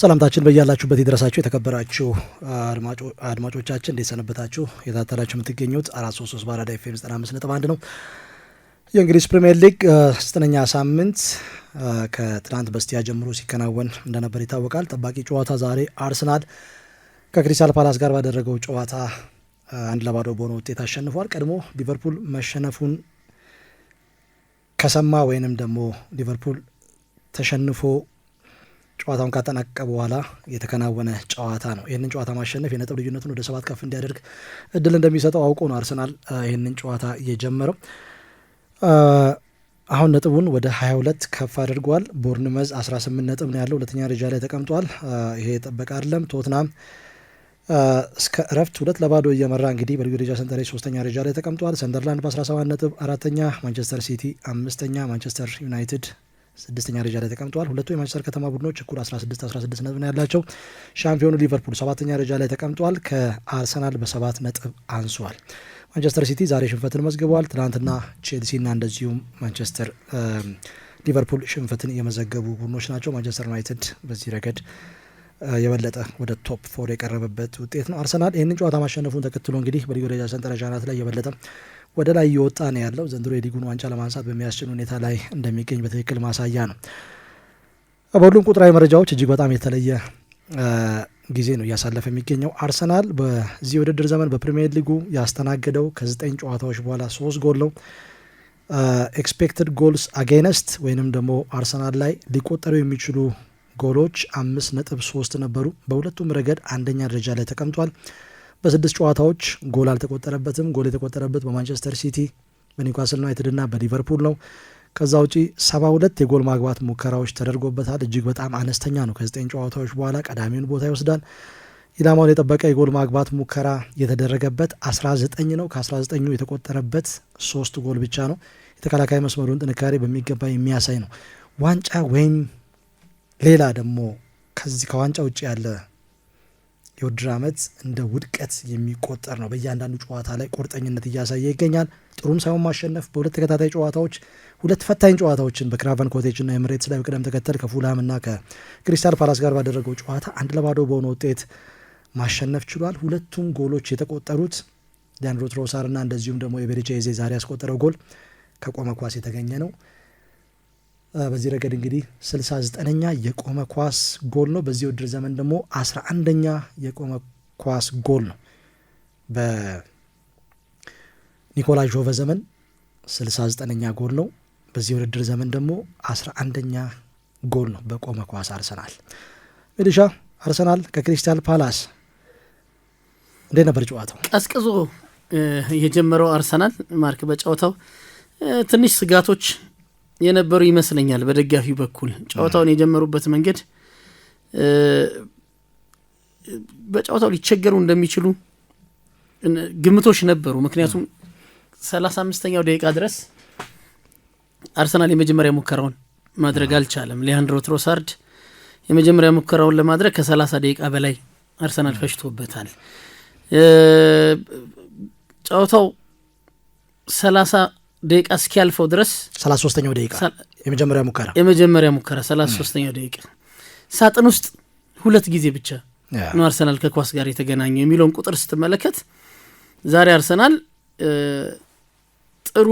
ሰላምታችን በያላችሁበት የደረሳችሁ የተከበራችሁ አድማጮቻችን እንዴት ሰነበታችሁ? የታተላችሁ የምትገኙት አራት ሶስት ሶስት በአራዳ ኤፍ ኤም ዘጠና አምስት ነጥብ አንድ ነው። የእንግሊዝ ፕሪምየር ሊግ ዘጠነኛ ሳምንት ከትናንት በስቲያ ጀምሮ ሲከናወን እንደነበር ይታወቃል። ጠባቂ ጨዋታ ዛሬ አርሰናል ከክሪስታል ፓላስ ጋር ባደረገው ጨዋታ አንድ ለባዶ በሆነ ውጤት አሸንፏል። ቀድሞ ሊቨርፑል መሸነፉን ከሰማ ወይንም ደግሞ ሊቨርፑል ተሸንፎ ጨዋታውን ካጠናቀቀ በኋላ የተከናወነ ጨዋታ ነው። ይህንን ጨዋታ ማሸነፍ የነጥብ ልዩነቱን ወደ ሰባት ከፍ እንዲያደርግ እድል እንደሚሰጠው አውቆ ነው አርሰናል ይህንን ጨዋታ የጀመረው። አሁን ነጥቡን ወደ 22 ከፍ አድርጓል። ቦርንመዝ 18 ነጥብ ነው ያለው፣ ሁለተኛ ደረጃ ላይ ተቀምጧል። ይሄ የጠበቀ አይደለም። ቶትናም እስከ እረፍት ሁለት ለባዶ እየመራ እንግዲህ በልዩ ደረጃ ሰንጠረዥ ሶስተኛ ደረጃ ላይ ተቀምጧል። ሰንደርላንድ በ17 ነጥብ አራተኛ፣ ማንቸስተር ሲቲ አምስተኛ፣ ማንቸስተር ዩናይትድ ስድስተኛ ደረጃ ላይ ተቀምጠዋል። ሁለቱ የማንቸስተር ከተማ ቡድኖች እኩል 16 16 ነጥብ ነው ያላቸው። ሻምፒዮኑ ሊቨርፑል ሰባተኛ ደረጃ ላይ ተቀምጠዋል። ከአርሰናል በሰባት ነጥብ አንሷል። ማንቸስተር ሲቲ ዛሬ ሽንፈትን መዝግበዋል። ትናንትና ቼልሲና እንደዚሁም ማንቸስተር ሊቨርፑል ሽንፈትን የመዘገቡ ቡድኖች ናቸው። ማንቸስተር ዩናይትድ በዚህ ረገድ የበለጠ ወደ ቶፕ ፎር የቀረበበት ውጤት ነው። አርሰናል ይህንን ጨዋታ ማሸነፉን ተከትሎ እንግዲህ በሊጉ ደረጃ ሰንጠረዥ አናት ላይ የበለጠ ወደ ላይ እየወጣ ነው ያለው። ዘንድሮ የሊጉን ዋንጫ ለማንሳት በሚያስችል ሁኔታ ላይ እንደሚገኝ በትክክል ማሳያ ነው። በሁሉም ቁጥራዊ መረጃዎች እጅግ በጣም የተለየ ጊዜ ነው እያሳለፈ የሚገኘው። አርሰናል በዚህ ውድድር ዘመን በፕሪሚየር ሊጉ ያስተናገደው ከዘጠኝ ጨዋታዎች በኋላ ሶስት ጎል ነው። ኤክስፔክትድ ጎልስ አጌነስት ወይንም ደግሞ አርሰናል ላይ ሊቆጠሩ የሚችሉ ጎሎች አምስት ነጥብ ሶስት ነበሩ። በሁለቱም ረገድ አንደኛ ደረጃ ላይ ተቀምጧል። በስድስት ጨዋታዎች ጎል አልተቆጠረበትም። ጎል የተቆጠረበት በማንቸስተር ሲቲ፣ በኒውካስል ዩናይትድና በሊቨርፑል ነው። ከዛ ውጪ ሰባ ሁለት የጎል ማግባት ሙከራዎች ተደርጎበታል። እጅግ በጣም አነስተኛ ነው። ከዘጠኝ ጨዋታዎች በኋላ ቀዳሚውን ቦታ ይወስዳል። ኢላማውን የጠበቀ የጎል ማግባት ሙከራ የተደረገበት 19 ነው። ከ19ኙ የተቆጠረበት ሶስት ጎል ብቻ ነው። የተከላካይ መስመሩን ጥንካሬ በሚገባ የሚያሳይ ነው። ዋንጫ ወይም ሌላ ደግሞ ከዚህ ከዋንጫ ውጭ ያለ የውድድር ዓመት እንደ ውድቀት የሚቆጠር ነው። በእያንዳንዱ ጨዋታ ላይ ቁርጠኝነት እያሳየ ይገኛል። ጥሩም ሳይሆን ማሸነፍ በሁለት ተከታታይ ጨዋታዎች ሁለት ፈታኝ ጨዋታዎችን በክራቨን ኮቴጅና ኤምሬትስ ላይ በቅደም ተከተል ከፉልሃምና ከክሪስታል ፓላስ ጋር ባደረገው ጨዋታ አንድ ለባዶ በሆነ ውጤት ማሸነፍ ችሏል። ሁለቱም ጎሎች የተቆጠሩት ሊያንድሮ ትሮሳርና እንደዚሁም ደግሞ የቤሪቼ ዜ ዛሬ ያስቆጠረው ጎል ከቆመ ኳስ የተገኘ ነው። በዚህ ረገድ እንግዲህ 69ኛ የቆመ ኳስ ጎል ነው። በዚህ ውድድር ዘመን ደግሞ 11ኛ የቆመ ኳስ ጎል ነው። በኒኮላ ጆቨ ዘመን 69ኛ ጎል ነው። በዚህ ውድድር ዘመን ደግሞ 11ኛ ጎል ነው በቆመ ኳስ አርሰናል ሚሊሻ አርሰናል ከክሪስታል ፓላስ እንዴ ነበር ጨዋታው? ቀዝቅዞ የጀመረው አርሰናል ማርክ በጨዋታው ትንሽ ስጋቶች የነበሩ ይመስለኛል። በደጋፊው በኩል ጨዋታውን የጀመሩበት መንገድ በጨዋታው ሊቸገሩ እንደሚችሉ ግምቶች ነበሩ። ምክንያቱም ሰላሳ አምስተኛው ደቂቃ ድረስ አርሰናል የመጀመሪያ ሙከራውን ማድረግ አልቻለም። ሊያንድሮ ትሮሳርድ የመጀመሪያ ሙከራውን ለማድረግ ከሰላሳ ደቂቃ በላይ አርሰናል ፈሽቶበታል ጨዋታው ሰላሳ ደቂቃ እስኪያልፈው ድረስ ሰላሳ ሶስተኛው ደቂቃ የመጀመሪያ ሙከራ የመጀመሪያ ሙከራ ሰላሳ ሶስተኛው ደቂቃ ሳጥን ውስጥ ሁለት ጊዜ ብቻ ነው አርሰናል ከኳስ ጋር የተገናኘው የሚለውን ቁጥር ስትመለከት ዛሬ አርሰናል ጥሩ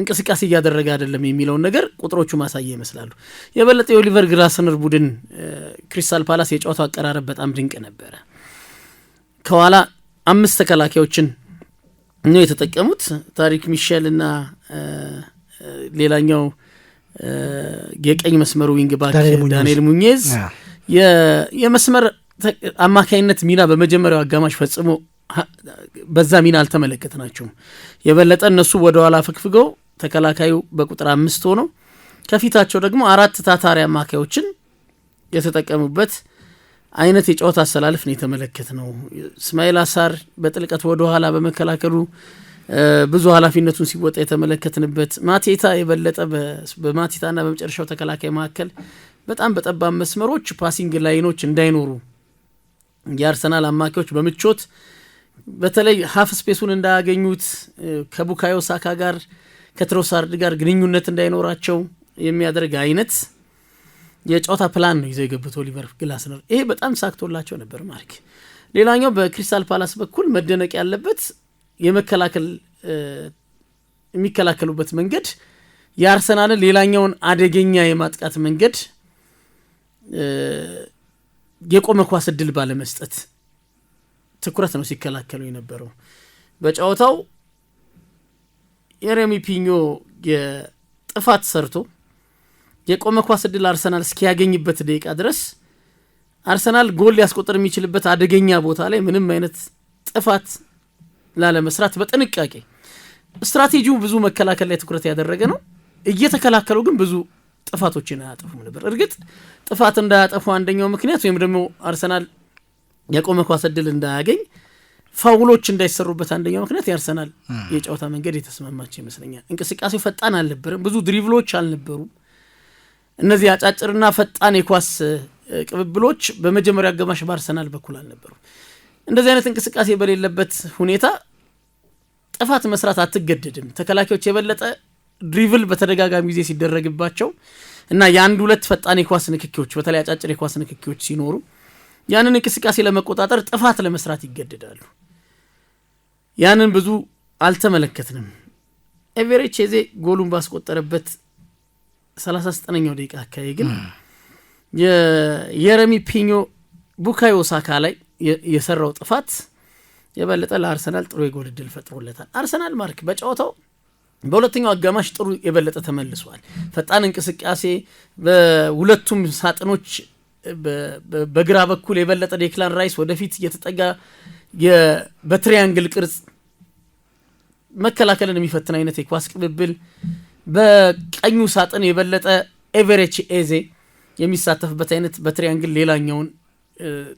እንቅስቃሴ እያደረገ አይደለም የሚለውን ነገር ቁጥሮቹ ማሳያ ይመስላሉ። የበለጠ የኦሊቨር ግራስነር ቡድን ክሪስታል ፓላስ የጨዋታው አቀራረብ በጣም ድንቅ ነበረ። ከኋላ አምስት ተከላካዮችን ነው የተጠቀሙት። ታሪክ ሚሼል እና ሌላኛው የቀኝ መስመሩ ዊንግ ባክ ዳንኤል ሙኜዝ የመስመር አማካይነት ሚና በመጀመሪያው አጋማሽ ፈጽሞ በዛ ሚና ናቸው የበለጠ እነሱ ወደ ኋላ ፈግፍገው ተከላካዩ በቁጥር አምስት ሆነው ከፊታቸው ደግሞ አራት ታታሪ አማካዮችን የተጠቀሙበት አይነት የጨዋታ አሰላለፍ ነው የተመለከት ነው። እስማኤል አሳር በጥልቀት ወደኋላ በመከላከሉ ብዙ ኃላፊነቱን ሲወጣ የተመለከትንበት ማቴታ የበለጠ በማቴታና በመጨረሻው ተከላካይ መካከል በጣም በጠባብ መስመሮች ፓሲንግ ላይኖች እንዳይኖሩ የአርሰናል አማካዮች በምቾት በተለይ ሀፍ ስፔሱን እንዳያገኙት ከቡካዮ ሳካ ጋር ከትሮሳርድ ጋር ግንኙነት እንዳይኖራቸው የሚያደርግ አይነት የጨዋታ ፕላን ነው ይዘው የገቡት ኦሊቨር ግላስነር። ይሄ በጣም ሳክቶላቸው ነበር ማርክ። ሌላኛው በክሪስታል ፓላስ በኩል መደነቅ ያለበት የመከላከል የሚከላከሉበት መንገድ የአርሰናልን ሌላኛውን አደገኛ የማጥቃት መንገድ የቆመ ኳስ እድል ባለመስጠት ትኩረት ነው ሲከላከሉ የነበረው። በጨዋታው የሬሚ ፒኞ የጥፋት ሰርቶ የቆመ ኳስ እድል አርሰናል እስኪያገኝበት ደቂቃ ድረስ አርሰናል ጎል ሊያስቆጥር የሚችልበት አደገኛ ቦታ ላይ ምንም አይነት ጥፋት ላለመስራት በጥንቃቄ ስትራቴጂው ብዙ መከላከል ላይ ትኩረት ያደረገ ነው። እየተከላከሉ ግን ብዙ ጥፋቶችን አያጠፉም ነበር። እርግጥ ጥፋት እንዳያጠፉ አንደኛው ምክንያት ወይም ደግሞ አርሰናል የቆመ ኳስ እድል እንዳያገኝ ፋውሎች እንዳይሰሩበት አንደኛው ምክንያት የአርሰናል የጨዋታ መንገድ የተስማማቸው ይመስለኛል። እንቅስቃሴው ፈጣን አልነበረም። ብዙ ድሪቭሎች አልነበሩም። እነዚህ አጫጭርና ፈጣን የኳስ ቅብብሎች በመጀመሪያ አጋማሽ በአርሰናል በኩል አልነበሩ። እንደዚህ አይነት እንቅስቃሴ በሌለበት ሁኔታ ጥፋት መስራት አትገደድም። ተከላካዮች የበለጠ ድሪቭል በተደጋጋሚ ጊዜ ሲደረግባቸው እና የአንድ ሁለት ፈጣን የኳስ ንክኪዎች በተለይ አጫጭር የኳስ ንክኪዎች ሲኖሩ ያንን እንቅስቃሴ ለመቆጣጠር ጥፋት ለመስራት ይገደዳሉ። ያንን ብዙ አልተመለከትንም። ኤቨሬቺ ኤዜ ጎሉን ባስቆጠረበት 39 ደቂቃ አካባቢ ግን የየረሚ ፒኞ ቡካዮ ሳካ ላይ የሰራው ጥፋት የበለጠ ለአርሰናል ጥሩ የጎል እድል ፈጥሮለታል። አርሰናል ማርክ በጨዋታው በሁለተኛው አጋማሽ ጥሩ የበለጠ ተመልሷል። ፈጣን እንቅስቃሴ በሁለቱም ሳጥኖች በግራ በኩል የበለጠ ዴክላን ራይስ ወደፊት እየተጠጋ በትሪያንግል ቅርጽ መከላከልን የሚፈትን አይነት የኳስ ቅብብል በቀኙ ሳጥን የበለጠ ኤቨሬች ኤዜ የሚሳተፍበት አይነት በትሪያንግል ሌላኛውን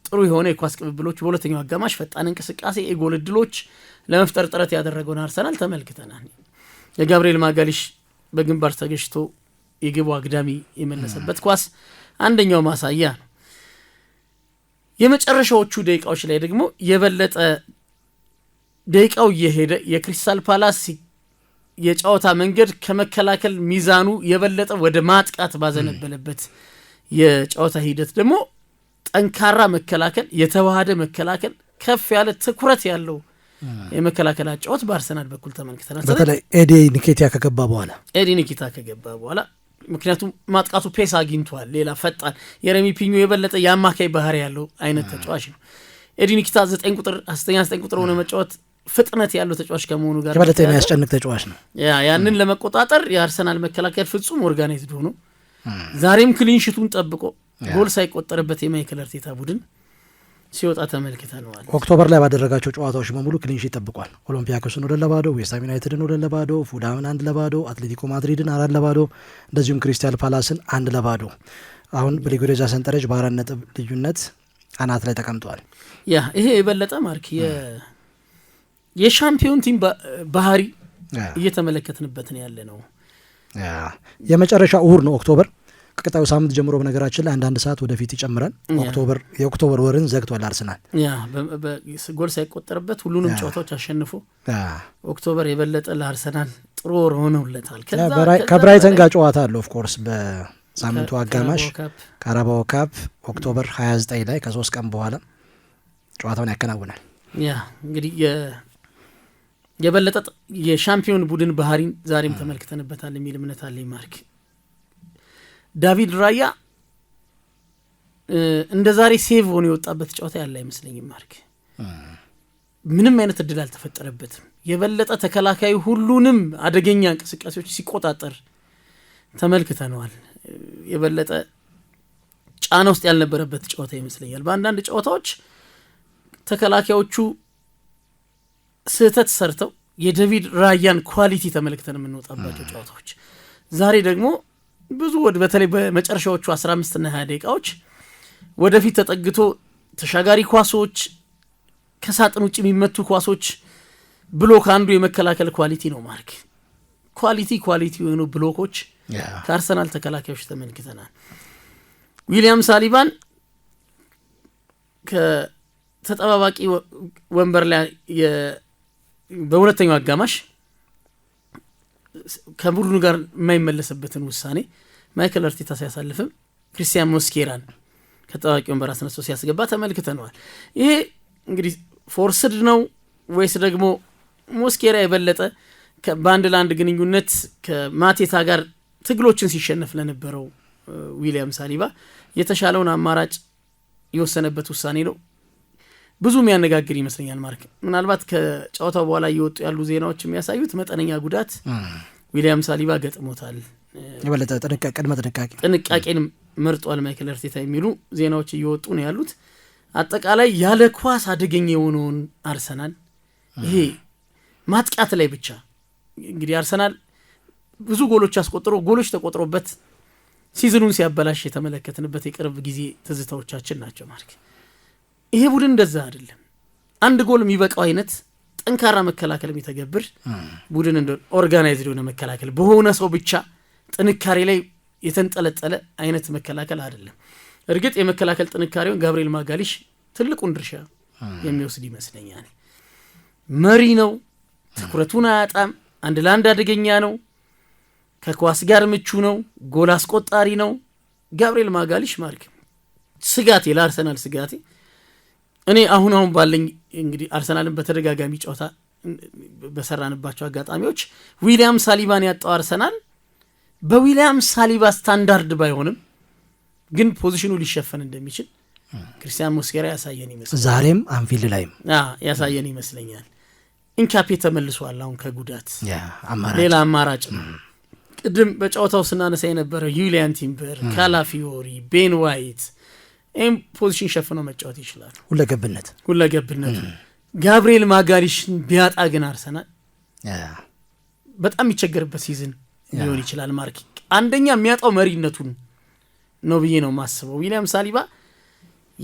ጥሩ የሆነ የኳስ ቅብብሎች በሁለተኛው አጋማሽ ፈጣን እንቅስቃሴ የጎል እድሎች ለመፍጠር ጥረት ያደረገውን አርሰናል ተመልክተናል። የጋብርኤል ማጋሊሽ በግንባር ተገሽቶ የግቡ አግዳሚ የመለሰበት ኳስ አንደኛው ማሳያ ነው። የመጨረሻዎቹ ደቂቃዎች ላይ ደግሞ የበለጠ ደቂቃው እየሄደ የክሪስታል ፓላስ የጨዋታ መንገድ ከመከላከል ሚዛኑ የበለጠ ወደ ማጥቃት ባዘነበለበት የጨዋታ ሂደት ደግሞ ጠንካራ መከላከል፣ የተዋሃደ መከላከል፣ ከፍ ያለ ትኩረት ያለው የመከላከል ጨዋታ በአርሰናል በኩል ተመልክተናል። በተለይ ኤዲ ኒኬታ ከገባ በኋላ ኤዲ ኒኬታ ከገባ በኋላ ምክንያቱም ማጥቃቱ ፔስ አግኝቷል። ሌላ ፈጣን የረሚ ፒኞ የበለጠ የአማካይ ባህሪ ያለው አይነት ተጫዋች ነው ኤዲ ኒኬታ። ዘጠኝ ቁጥር አስተኛ ዘጠኝ ቁጥር ሆነ መጫወት ፍጥነት ያለው ተጫዋች ከመሆኑ ጋር የበለጠ የሚያስጨንቅ ተጫዋች ነው። ያንን ለመቆጣጠር የአርሰናል መከላከል ፍጹም ኦርጋናይዝድ ሆኖ ዛሬም ክሊንሽቱን ጠብቆ ጎል ሳይቆጠርበት የማይክል አርቴታ ቡድን ሲወጣ ተመልክተነዋል። ኦክቶበር ላይ ባደረጋቸው ጨዋታዎች በሙሉ ክሊንሽት ጠብቋል። ኦሎምፒያኮስን ወደ ለባዶ፣ ዌስትሃም ዩናይትድን ወደ ለባዶ፣ ፉዳምን አንድ ለባዶ፣ አትሌቲኮ ማድሪድን አራት ለባዶ፣ እንደዚሁም ክሪስታል ፓላስን አንድ ለባዶ። አሁን በሊጉ ደረጃ ሰንጠረዥ በአራት ነጥብ ልዩነት አናት ላይ ተቀምጠዋል። ያ ይሄ የበለጠ ማርክ የሻምፒዮን ቲም ባህሪ እየተመለከትንበት ነው ያለ ነው። የመጨረሻ እሁድ ነው ኦክቶበር። ከቀጣዩ ሳምንት ጀምሮ በነገራችን ላይ አንዳንድ ሰዓት ወደፊት ይጨምራል። ኦክቶበር የኦክቶበር ወርን ዘግቷል አርሰናል ጎል ሳይቆጠርበት ሁሉንም ጨዋታዎች አሸንፎ ኦክቶበር የበለጠ ለአርሰናል ጥሩ ወር ሆነውለታል። ከብራይተን ጋር ጨዋታ አለው ኦፍኮርስ በሳምንቱ አጋማሽ ካራባኦ ካፕ ኦክቶበር 29 ላይ ከሶስት ቀን በኋላ ጨዋታውን ያከናውናል። ያ እንግዲህ የበለጠ የሻምፒዮን ቡድን ባህሪን ዛሬም ተመልክተንበታል የሚል እምነት አለኝ። ማርክ ዳቪድ ራያ እንደ ዛሬ ሴቭ ሆኖ የወጣበት ጨዋታ ያለ አይመስለኝም። ማርክ ምንም አይነት እድል አልተፈጠረበትም። የበለጠ ተከላካይ ሁሉንም አደገኛ እንቅስቃሴዎች ሲቆጣጠር ተመልክተነዋል። የበለጠ ጫና ውስጥ ያልነበረበት ጨዋታ ይመስለኛል። በአንዳንድ ጨዋታዎች ተከላካዮቹ ስህተት ሰርተው የደቪድ ራያን ኳሊቲ ተመልክተን የምንወጣባቸው ጨዋታዎች ዛሬ ደግሞ ብዙ በተለይ በመጨረሻዎቹ 15 ና 20 ደቂቃዎች ወደፊት ተጠግቶ ተሻጋሪ ኳሶች፣ ከሳጥን ውጭ የሚመቱ ኳሶች ብሎክ አንዱ የመከላከል ኳሊቲ ነው። ማርክ ኳሊቲ ኳሊቲ የሆኑ ብሎኮች ከአርሰናል ተከላካዮች ተመልክተናል። ዊሊያም ሳሊባን ከተጠባባቂ ወንበር ላይ በሁለተኛው አጋማሽ ከቡድኑ ጋር የማይመለስበትን ውሳኔ ማይክል አርቴታ ሲያሳልፍም ክሪስቲያን ሞስኬራን ከጠባቂ ወንበር አስነስቶ ሲያስገባ ተመልክተነዋል። ይሄ እንግዲህ ፎርስድ ነው ወይስ ደግሞ ሞስኬራ የበለጠ በአንድ ለአንድ ግንኙነት ከማቴታ ጋር ትግሎችን ሲሸነፍ ለነበረው ዊሊያም ሳሊባ የተሻለውን አማራጭ የወሰነበት ውሳኔ ነው? ብዙ የሚያነጋግር ይመስለኛል። ማርክ ምናልባት ከጨዋታው በኋላ እየወጡ ያሉ ዜናዎች የሚያሳዩት መጠነኛ ጉዳት ዊሊያም ሳሊባ ገጥሞታል፣ የበለጠ ቅድመ ጥንቃቄ ጥንቃቄን መርጧል ማይክል እርቴታ የሚሉ ዜናዎች እየወጡ ነው ያሉት። አጠቃላይ ያለ ኳስ አደገኛ የሆነውን አርሰናል ይሄ ማጥቃት ላይ ብቻ እንግዲህ አርሰናል ብዙ ጎሎች አስቆጥሮ ጎሎች ተቆጥሮበት ሲዝኑን ሲያበላሽ የተመለከትንበት የቅርብ ጊዜ ትዝታዎቻችን ናቸው ማርክ ይሄ ቡድን እንደዛ አይደለም። አንድ ጎል የሚበቃው አይነት ጠንካራ መከላከል የሚተገብር ቡድን እንደሆነ ኦርጋናይዝ የሆነ መከላከል በሆነ ሰው ብቻ ጥንካሬ ላይ የተንጠለጠለ አይነት መከላከል አይደለም። እርግጥ የመከላከል ጥንካሬውን ጋብርኤል ማጋሊሽ ትልቁን ድርሻ የሚወስድ ይመስለኛል። መሪ ነው። ትኩረቱን አያጣም። አንድ ለአንድ አደገኛ ነው። ከኳስ ጋር ምቹ ነው። ጎል አስቆጣሪ ነው። ጋብርኤል ማጋሊሽ ማርክ ስጋቴ፣ ለአርሰናል ስጋቴ እኔ አሁን አሁን ባለኝ እንግዲህ አርሰናልን በተደጋጋሚ ጨዋታ በሰራንባቸው አጋጣሚዎች ዊሊያም ሳሊባን ያጣው አርሰናል በዊሊያም ሳሊባ ስታንዳርድ ባይሆንም ግን ፖዚሽኑ ሊሸፈን እንደሚችል ክርስቲያን ሞስኬራ ያሳየን ይመስለኛል። ዛሬም አንፊልድ ላይም ያሳየን ይመስለኛል። ኢንካፔ ተመልሷል። አሁን ከጉዳት ሌላ አማራጭ ነው። ቅድም በጨዋታው ስናነሳ የነበረ ዩሊያን ቲምበር፣ ካላፊዮሪ፣ ቤን ዋይት ይህም ፖዚሽን ሸፍነው መጫወት ይችላል። ሁለገብነት ሁለገብነት ጋብሪኤል ማጋሊሽን ቢያጣ ግን አርሰናል በጣም የሚቸገርበት ሲዝን ሊሆን ይችላል። ማርክ አንደኛ የሚያጣው መሪነቱን ነው ብዬ ነው ማስበው። ዊሊያም ሳሊባ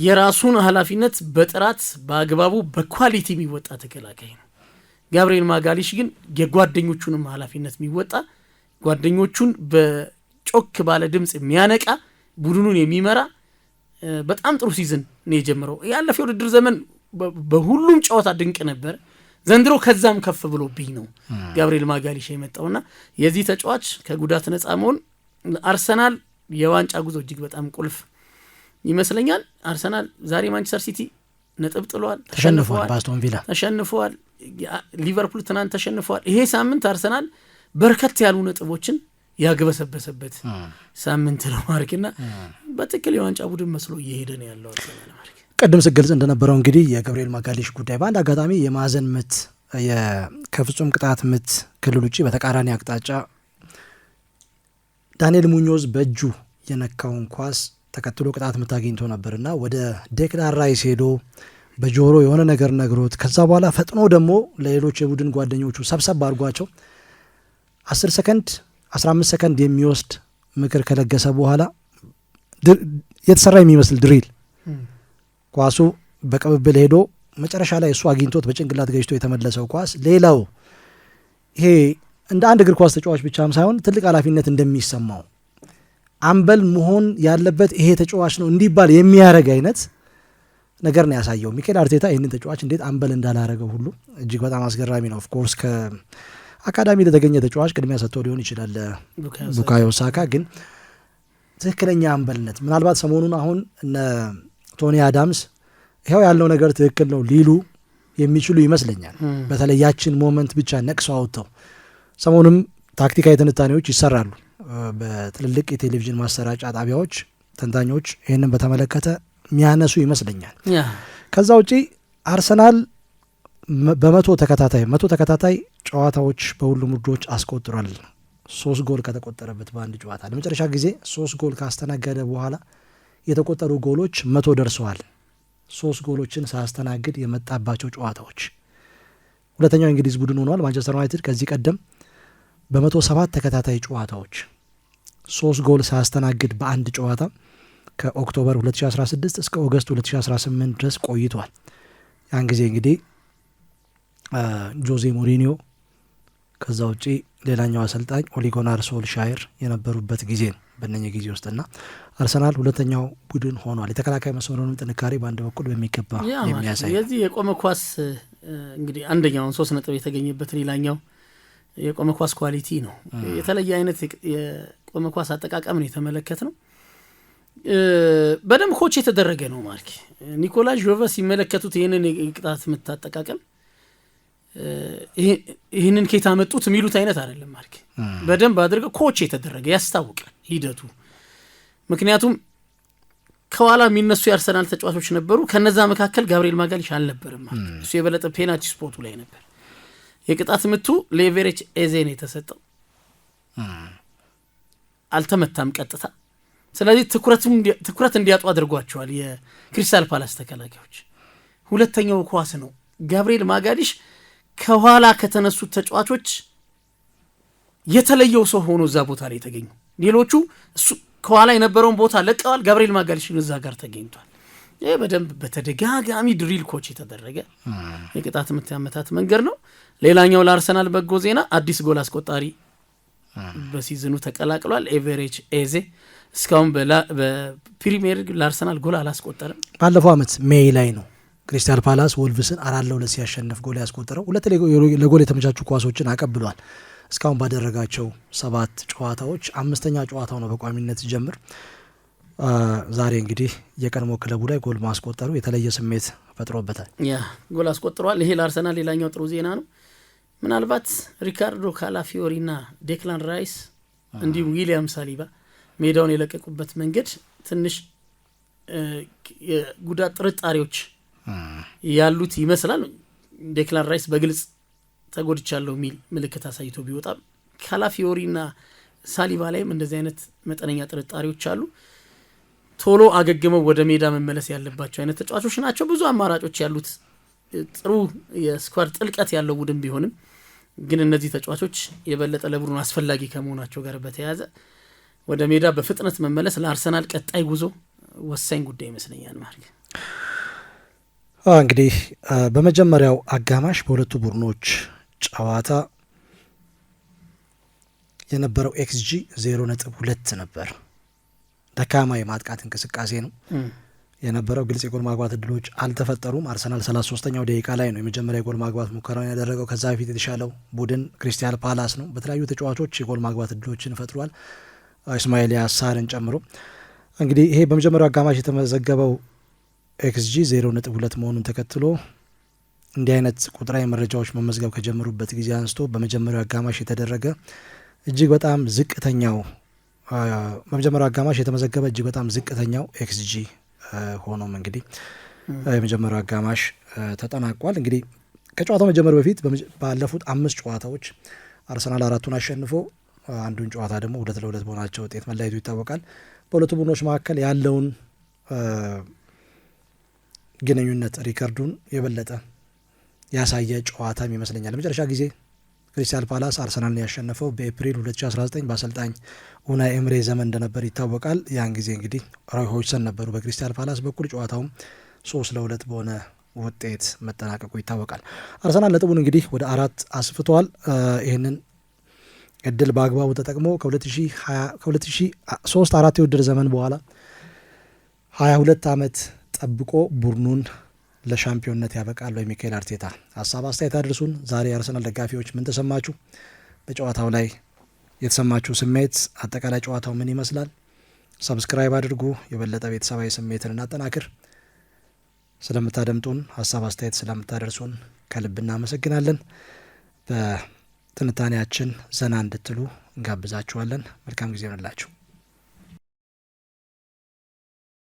የራሱን ኃላፊነት በጥራት በአግባቡ በኳሊቲ የሚወጣ ተከላካይ ነው። ጋብሪኤል ማጋሊሽ ግን የጓደኞቹንም ኃላፊነት የሚወጣ ጓደኞቹን በጮክ ባለ ድምፅ የሚያነቃ ቡድኑን የሚመራ በጣም ጥሩ ሲዝን ነው የጀምረው። ያለፈው የውድድር ዘመን በሁሉም ጨዋታ ድንቅ ነበር። ዘንድሮ ከዛም ከፍ ብሎ ብኝ ነው ጋብሪኤል ማጋሊሽ የመጣውና የዚህ ተጫዋች ከጉዳት ነጻ መሆን አርሰናል የዋንጫ ጉዞ እጅግ በጣም ቁልፍ ይመስለኛል። አርሰናል ዛሬ ማንቸስተር ሲቲ ነጥብ ጥሏል፣ ተሸንፏል። በአስቶን ቪላ ተሸንፏል። ሊቨርፑል ትናንት ተሸንፏል። ይሄ ሳምንት አርሰናል በርከት ያሉ ነጥቦችን ያግበሰበሰበት ሳምንት ነው ማርክና በትክክል የዋንጫ ቡድን መስሎ እየሄደ ነው ያለው ማርክ ቅድም ስገልጽ እንደነበረው እንግዲህ የገብርኤል ማጋሌሽ ጉዳይ በአንድ አጋጣሚ የማዕዘን ምት ከፍጹም ቅጣት ምት ክልል ውጭ በተቃራኒ አቅጣጫ ዳንኤል ሙኞዝ በእጁ የነካውን ኳስ ተከትሎ ቅጣት ምት አግኝቶ ነበርና ወደ ዴክላን ራይስ ሄዶ በጆሮ የሆነ ነገር ነግሮት ከዛ በኋላ ፈጥኖ ደግሞ ለሌሎች የቡድን ጓደኞቹ ሰብሰብ አድርጓቸው አስር ሰከንድ 15 ሰከንድ የሚወስድ ምክር ከለገሰ በኋላ የተሰራ የሚመስል ድሪል ኳሱ በቅብብል ሄዶ መጨረሻ ላይ እሱ አግኝቶት በጭንቅላት ገጭቶ የተመለሰው ኳስ ሌላው ይሄ እንደ አንድ እግር ኳስ ተጫዋች ብቻም ሳይሆን ትልቅ ኃላፊነት እንደሚሰማው አምበል መሆን ያለበት ይሄ ተጫዋች ነው እንዲባል የሚያደርግ አይነት ነገር ነው ያሳየው። ሚካኤል አርቴታ ይህንን ተጫዋች እንዴት አምበል እንዳላረገው ሁሉ እጅግ በጣም አስገራሚ ነው። ኦፍኮርስ አካዳሚ ለተገኘ ተጫዋች ቅድሚያ ሰጥቶ ሊሆን ይችላል። ቡካዮ ሳካ ግን ትክክለኛ አንበልነት ምናልባት ሰሞኑን አሁን እነ ቶኒ አዳምስ ይኸው ያለው ነገር ትክክል ነው ሊሉ የሚችሉ ይመስለኛል። በተለይ ያችን ሞመንት ብቻ ነቅሰው አውጥተው ሰሞኑም ታክቲካዊ ትንታኔዎች ይሰራሉ በትልልቅ የቴሌቪዥን ማሰራጫ ጣቢያዎች ተንታኞች ይህንን በተመለከተ የሚያነሱ ይመስለኛል። ከዛ ውጪ አርሰናል በመቶ ተከታታይ መቶ ተከታታይ ጨዋታዎች በሁሉም ውድድሮች አስቆጥሯል። ሶስት ጎል ከተቆጠረበት በአንድ ጨዋታ ለመጨረሻ ጊዜ ሶስት ጎል ካስተናገደ በኋላ የተቆጠሩ ጎሎች መቶ ደርሰዋል። ሶስት ጎሎችን ሳያስተናግድ የመጣባቸው ጨዋታዎች ሁለተኛው የእንግሊዝ ቡድን ሆኗል። ማንቸስተር ዩናይትድ ከዚህ ቀደም በመቶ ሰባት ተከታታይ ጨዋታዎች ሶስት ጎል ሳያስተናግድ በአንድ ጨዋታ ከኦክቶበር 2016 እስከ ኦገስት 2018 ድረስ ቆይቷል። ያን ጊዜ እንግዲህ ጆዜ ሞሪኒዮ ከዛ ውጪ ሌላኛው አሰልጣኝ ኦሊጎናር ሶልሻየር የነበሩበት ጊዜ ነው። በእነኚህ ጊዜ ውስጥና አርሰናል ሁለተኛው ቡድን ሆኗል። የተከላካይ መስመሩንም ጥንካሬ በአንድ በኩል በሚገባ የሚያሳይ የዚህ የቆመ ኳስ እንግዲህ አንደኛውን ሶስት ነጥብ የተገኘበት ሌላኛው የቆመ ኳስ ኳሊቲ ነው። የተለየ አይነት የቆመ ኳስ አጠቃቀም ነው የተመለከት ነው። በደንብ ኮች የተደረገ ነው። ማርክ ኒኮላ ጆቨ ሲመለከቱት ይህንን የቅጣት የምታጠቃቀም ይህንን ኬታ መጡት የሚሉት አይነት አይደለም። ማርክ በደንብ አድርገ ኮች የተደረገ ያስታውቃል ሂደቱ። ምክንያቱም ከኋላ የሚነሱ የአርሰናል ተጫዋቾች ነበሩ። ከነዛ መካከል ጋብርኤል ማጋሊሽ አልነበርም። እሱ የበለጠ ፔናልቲ ስፖርቱ ላይ ነበር። የቅጣት ምቱ ለኤቨሬች ኤዜን የተሰጠው አልተመታም ቀጥታ። ስለዚህ ትኩረት እንዲያጡ አድርጓቸዋል የክሪስታል ፓላስ ተከላካዮች። ሁለተኛው ኳስ ነው ጋብርኤል ማጋሊሽ ከኋላ ከተነሱት ተጫዋቾች የተለየው ሰው ሆኖ እዛ ቦታ ላይ ተገኙ። ሌሎቹ እሱ ከኋላ የነበረውን ቦታ ለቀዋል። ገብርኤል ማጋሊሽን እዛ ጋር ተገኝቷል። ይህ በደንብ በተደጋጋሚ ድሪል ኮች የተደረገ የቅጣት ምት ያመታት መንገድ ነው። ሌላኛው ለአርሰናል በጎ ዜና አዲስ ጎል አስቆጣሪ በሲዝኑ ተቀላቅሏል። ኤቨሬጅ ኤዜ እስካሁን በፕሪሚየር ለአርሰናል ጎል አላስቆጠርም። ባለፈው አመት ሜይ ላይ ነው ክሪስታል ፓላስ ወልቭስን አራት ለሁለት ሲያሸንፍ ጎል ያስቆጠረው ሁለት ለጎል የተመቻቹ ኳሶችን አቀብሏል። እስካሁን ባደረጋቸው ሰባት ጨዋታዎች አምስተኛ ጨዋታው ነው በቋሚነት ጀምር ዛሬ እንግዲህ የቀድሞ ክለቡ ላይ ጎል ማስቆጠሩ የተለየ ስሜት ፈጥሮበታል። ያ ጎል አስቆጥሯል። ይሄ ለአርሰናል ሌላኛው ጥሩ ዜና ነው። ምናልባት ሪካርዶ ካላፊዮሪና ዴክላን ራይስ እንዲሁም ዊሊያም ሳሊባ ሜዳውን የለቀቁበት መንገድ ትንሽ ጉዳት ጥርጣሬዎች ያሉት ይመስላል። ዴክላን ራይስ በግልጽ ተጎድቻለሁ የሚል ምልክት አሳይቶ ቢወጣም ካላፊዮሪና ሳሊባ ላይም እንደዚህ አይነት መጠነኛ ጥርጣሬዎች አሉ። ቶሎ አገግመው ወደ ሜዳ መመለስ ያለባቸው አይነት ተጫዋቾች ናቸው። ብዙ አማራጮች ያሉት ጥሩ የስኳድ ጥልቀት ያለው ቡድን ቢሆንም ግን እነዚህ ተጫዋቾች የበለጠ ለቡድኑ አስፈላጊ ከመሆናቸው ጋር በተያያዘ ወደ ሜዳ በፍጥነት መመለስ ለአርሰናል ቀጣይ ጉዞ ወሳኝ ጉዳይ ይመስለኛል ማለት እንግዲህ በመጀመሪያው አጋማሽ በሁለቱ ቡድኖች ጨዋታ የነበረው ኤክስጂ ዜሮ ነጥብ ሁለት ነበር። ደካማ የማጥቃት እንቅስቃሴ ነው የነበረው። ግልጽ የጎል ማግባት እድሎች አልተፈጠሩም። አርሰናል ሰላሳ ሶስተኛው ደቂቃ ላይ ነው የመጀመሪያ የጎል ማግባት ሙከራውን ያደረገው። ከዛ በፊት የተሻለው ቡድን ክሪስታል ፓላስ ነው። በተለያዩ ተጫዋቾች የጎል ማግባት እድሎችን ፈጥሯል፣ እስማኤል ያሳርን ጨምሮ። እንግዲህ ይሄ በመጀመሪያው አጋማሽ የተመዘገበው ኤክስጂ 0.2 መሆኑን ተከትሎ እንዲህ አይነት ቁጥራዊ መረጃዎች መመዝገብ ከጀመሩበት ጊዜ አንስቶ በመጀመሪያው አጋማሽ የተደረገ እጅግ በጣም ዝቅተኛው በመጀመሪያው አጋማሽ የተመዘገበ እጅግ በጣም ዝቅተኛው ኤክስጂ ሆኖም እንግዲህ የመጀመሪያው አጋማሽ ተጠናቋል። እንግዲህ ከጨዋታው መጀመር በፊት ባለፉት አምስት ጨዋታዎች አርሰናል አራቱን አሸንፎ አንዱን ጨዋታ ደግሞ ሁለት ለሁለት በሆናቸው ውጤት መለያየቱ ይታወቃል። በሁለቱ ቡድኖች መካከል ያለውን ግንኙነት ሪከርዱን የበለጠ ያሳየ ጨዋታም ይመስለኛል። ለመጨረሻ ጊዜ ክሪስታል ፓላስ አርሰናልን ያሸነፈው በኤፕሪል 2019 በአሰልጣኝ ኡናይ ኤምሬ ዘመን እንደነበር ይታወቃል። ያን ጊዜ እንግዲህ ሮይ ሆጅሰን ነበሩ በክሪስታል ፓላስ በኩል። ጨዋታውም ሶስት ለሁለት በሆነ ውጤት መጠናቀቁ ይታወቃል። አርሰናል ነጥቡን እንግዲህ ወደ አራት አስፍቷል። ይህንን እድል በአግባቡ ተጠቅሞ ከ2003 አራት የውድድር ዘመን በኋላ 22 ዓመት ጠብቆ ቡድኑን ለሻምፒዮንነት ያበቃል ወይ ሚካኤል አርቴታ? ሀሳብ አስተያየት አድርሱን። ዛሬ የአርሰናል ደጋፊዎች ምን ተሰማችሁ? በጨዋታው ላይ የተሰማችሁ ስሜት፣ አጠቃላይ ጨዋታው ምን ይመስላል? ሰብስክራይብ አድርጉ። የበለጠ ቤተሰባዊ ስሜትን እናጠናክር። ስለምታደምጡን ሀሳብ አስተያየት ስለምታደርሱን ከልብ እናመሰግናለን። በትንታኔያችን ዘና እንድትሉ እንጋብዛችኋለን። መልካም ጊዜ ሆንላችሁ።